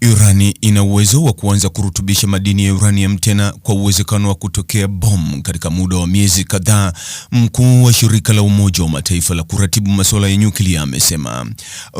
Irani ina uwezo wa kuanza kurutubisha madini ya uranium tena kwa uwezekano wa kutokea bomu katika muda wa miezi kadhaa, mkuu wa shirika la Umoja wa Mataifa la kuratibu masuala ya nyuklia amesema.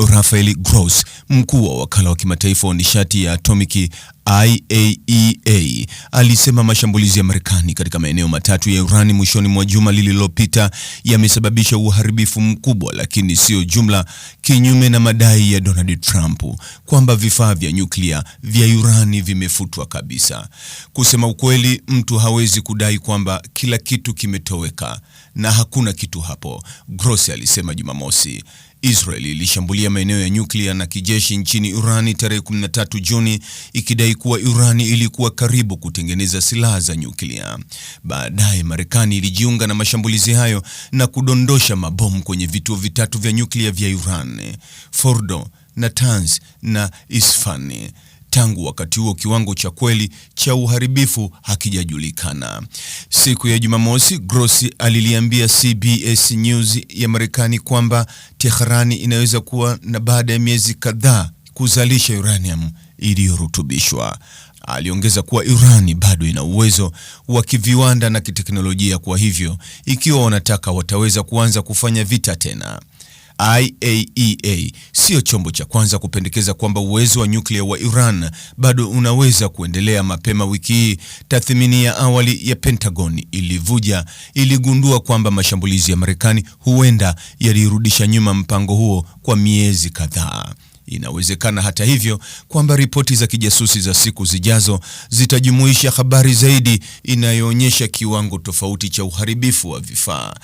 Rafael Gross, mkuu wa wakala wa kimataifa wa nishati ya atomiki IAEA e alisema mashambulizi ya Marekani katika maeneo matatu ya Iran mwishoni mwa juma lililopita yamesababisha uharibifu mkubwa, lakini siyo jumla, kinyume na madai ya Donald Trump kwamba vifaa vya nyuklia vya Iran vimefutwa kabisa. Kusema ukweli, mtu hawezi kudai kwamba kila kitu kimetoweka na hakuna kitu hapo, Grossi alisema Jumamosi. Israel ilishambulia maeneo ya nyuklia na kijeshi nchini Irani tarehe 13 Juni ikidai kuwa Irani ilikuwa karibu kutengeneza silaha za nyuklia. Baadaye Marekani ilijiunga na mashambulizi hayo na kudondosha mabomu kwenye vituo vitatu vya nyuklia vya Iran, Fordo, Natanz na isfani Tangu wakati huo kiwango cha kweli cha uharibifu hakijajulikana. Siku ya Jumamosi, Grossi aliliambia CBS News ya Marekani kwamba Tehran inaweza kuwa na baada ya miezi kadhaa kuzalisha uranium iliyorutubishwa. Aliongeza kuwa Irani bado ina uwezo wa kiviwanda na kiteknolojia, kwa hivyo ikiwa wanataka wataweza kuanza kufanya vita tena. IAEA siyo chombo cha kwanza kupendekeza kwamba uwezo wa nyuklia wa Iran bado unaweza kuendelea. Mapema wiki hii, tathmini ya awali ya Pentagon ilivuja iligundua kwamba mashambulizi ya Marekani huenda yalirudisha nyuma mpango huo kwa miezi kadhaa. Inawezekana hata hivyo kwamba ripoti za kijasusi za siku zijazo zitajumuisha habari zaidi inayoonyesha kiwango tofauti cha uharibifu wa vifaa.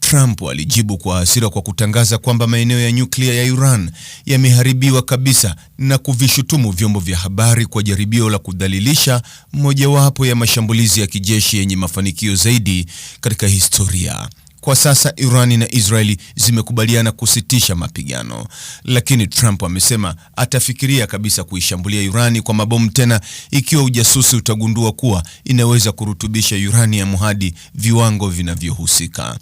Trump alijibu kwa hasira kwa kutangaza kwamba maeneo ya nyuklia ya Iran yameharibiwa kabisa na kuvishutumu vyombo vya habari kwa jaribio la kudhalilisha mojawapo ya mashambulizi ya kijeshi yenye mafanikio zaidi katika historia. Kwa sasa Irani na Israeli zimekubaliana kusitisha mapigano, lakini Trump amesema atafikiria kabisa kuishambulia Irani kwa mabomu tena ikiwa ujasusi utagundua kuwa inaweza kurutubisha uranium hadi viwango vinavyohusika.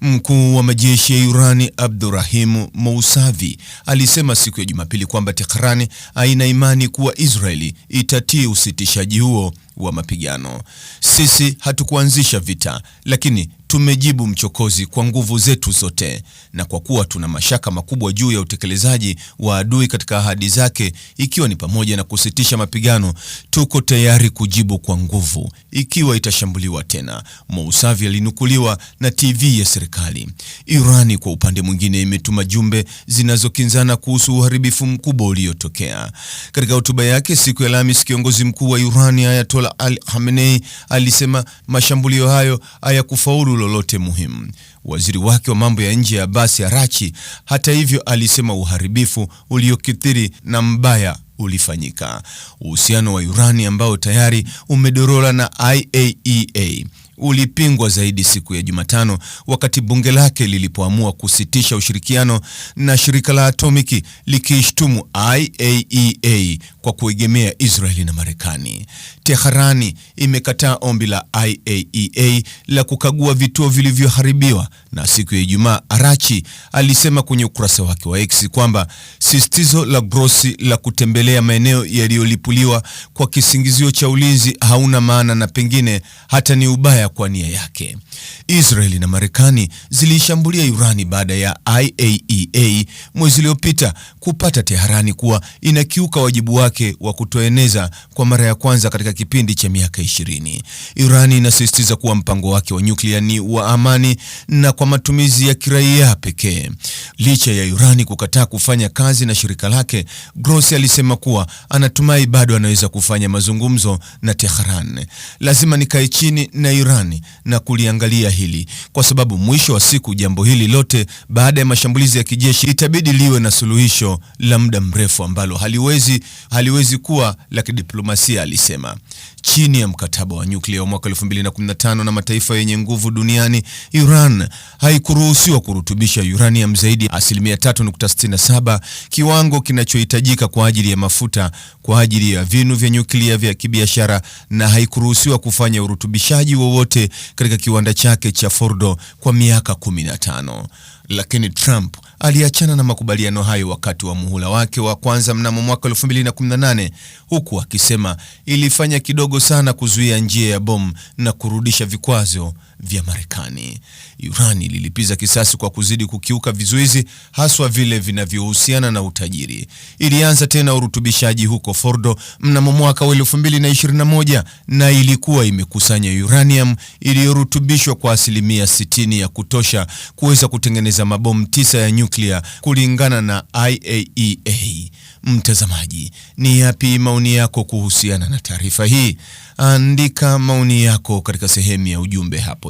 Mkuu wa majeshi ya Irani Abdurahim Mousavi alisema siku ya Jumapili kwamba Tehrani haina imani kuwa Israeli itatii usitishaji huo wa mapigano. Sisi hatukuanzisha vita, lakini tumejibu mchokozi kwa nguvu zetu zote, na kwa kuwa tuna mashaka makubwa juu ya utekelezaji wa adui katika ahadi zake, ikiwa ni pamoja na kusitisha mapigano, tuko tayari kujibu kwa nguvu ikiwa itashambuliwa tena. Mousavi alinukuliwa na TV ya serikali. Irani kwa upande mwingine, imetuma jumbe zinazokinzana kuhusu uharibifu mkubwa uliotokea. Katika hotuba yake siku ya Alhamisi, kiongozi mkuu wa Irani Ayatola al Khamenei alisema mashambulio hayo hayakufaulu lolote muhimu. Waziri wake wa mambo ya nje Abbas Arachi, hata hivyo, alisema uharibifu uliokithiri na mbaya ulifanyika. Uhusiano wa urani ambao tayari umedorora na IAEA e ulipingwa zaidi siku ya Jumatano wakati bunge lake lilipoamua kusitisha ushirikiano na shirika la atomiki likiishtumu IAEA e kwa kuegemea Israeli na Marekani. Teherani imekataa ombi la IAEA e la kukagua vituo vilivyoharibiwa, na siku ya Ijumaa Arachi alisema kwenye ukurasa wake wa X kwamba sisitizo la Grossi la kutembelea maeneo yaliyolipuliwa kwa kisingizio cha ulinzi hauna maana na pengine hata ni ubaya kwa nia yake. Israeli na Marekani ziliishambulia Irani baada ya IAEA e mwezi uliopita kupata Teherani kuwa inakiuka wajibu wake wake wa kutoeneza kwa mara ya kwanza katika kipindi cha miaka ishirini. Irani inasisitiza kuwa mpango wake wa nyuklia ni wa amani na kwa matumizi ya kiraia pekee. Licha ya Irani kukataa kufanya kazi na shirika lake, Grossi alisema kuwa anatumai bado anaweza kufanya mazungumzo na Tehran. Lazima nikae chini na Irani na kuliangalia hili, kwa sababu mwisho wa siku jambo hili lote, baada ya mashambulizi ya kijeshi, itabidi liwe na suluhisho la muda mrefu ambalo haliwezi hali haliwezi kuwa la kidiplomasia, alisema. Chini ya mkataba wa nyuklia wa mwaka 2015 na, mataifa yenye nguvu duniani, Iran haikuruhusiwa kurutubisha uranium zaidi ya asilimia 3.67, kiwango kinachohitajika kwa ajili ya mafuta kwa ajili ya vinu vya nyuklia vya kibiashara, na haikuruhusiwa kufanya urutubishaji wowote katika kiwanda chake cha Fordo kwa miaka 15, lakini Trump aliachana na makubaliano hayo wakati wa muhula wake wa kwanza mnamo mwaka 2018 huku akisema ilifanya kidogo sana kuzuia njia ya bomu na kurudisha vikwazo vya Marekani. Iran ililipiza kisasi kwa kuzidi kukiuka vizuizi, haswa vile vinavyohusiana na utajiri. Ilianza tena urutubishaji huko Fordo mnamo mwaka wa 2021 na ilikuwa imekusanya uranium iliyorutubishwa kwa asilimia 60 ya kutosha kuweza kutengeneza mabomu tisa ya nyuklia kulingana na IAEA. E Mtazamaji, ni yapi maoni yako kuhusiana na taarifa hii? Andika maoni yako katika sehemu ya ujumbe hapo